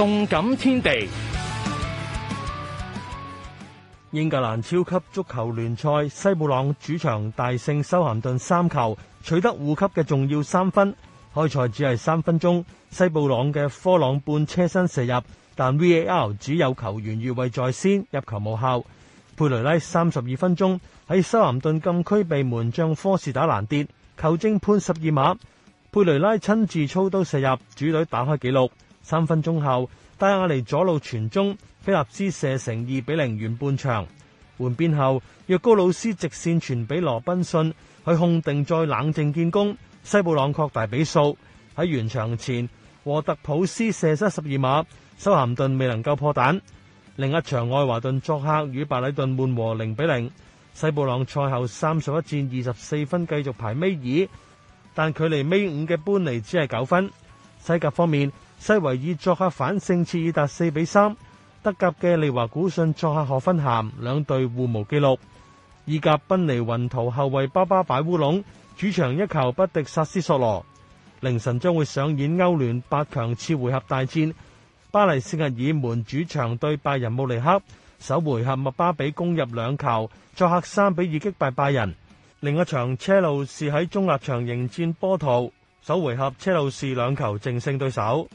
動感天地，英格蘭超級足球聯賽西布朗主場大勝修咸頓三球，取得護級嘅重要三分。開賽只係三分鐘，西布朗嘅科朗半車身射入，但 VAR 只有球員越位在先，入球無效。佩雷拉三十二分鐘喺修咸頓禁區被門將科士打攔跌球經判十二碼，佩雷拉親自操刀射入，主隊打開紀錄。三分鐘後，戴亞尼左路傳中，菲納斯射成二比零完半場。換邊後，若高魯斯直線傳俾羅賓遜，佢控定再冷靜建功。西布朗擴大比數。喺完場前，和特普斯射失十二碼，修咸頓未能夠破蛋。另一場愛華頓作客與白禮頓悶和零比零。西布朗賽後三十一戰二十四分，繼續排尾二，但距離尾五嘅班尼只係九分。西甲方面。西維爾作客反勝切爾達四比三，德甲嘅利華古遜作客河芬咸，兩隊互無紀錄。意甲賓尼雲圖後衛巴巴擺烏龍，主場一球不敵薩斯索羅。凌晨將會上演歐聯八強次回合大戰，巴黎聖日耳門主場對拜仁慕尼克，首回合麥巴比攻入兩球，作客三比二擊敗拜仁。另一場車路士喺中立場迎戰波圖，首回合車路士兩球淨勝對手。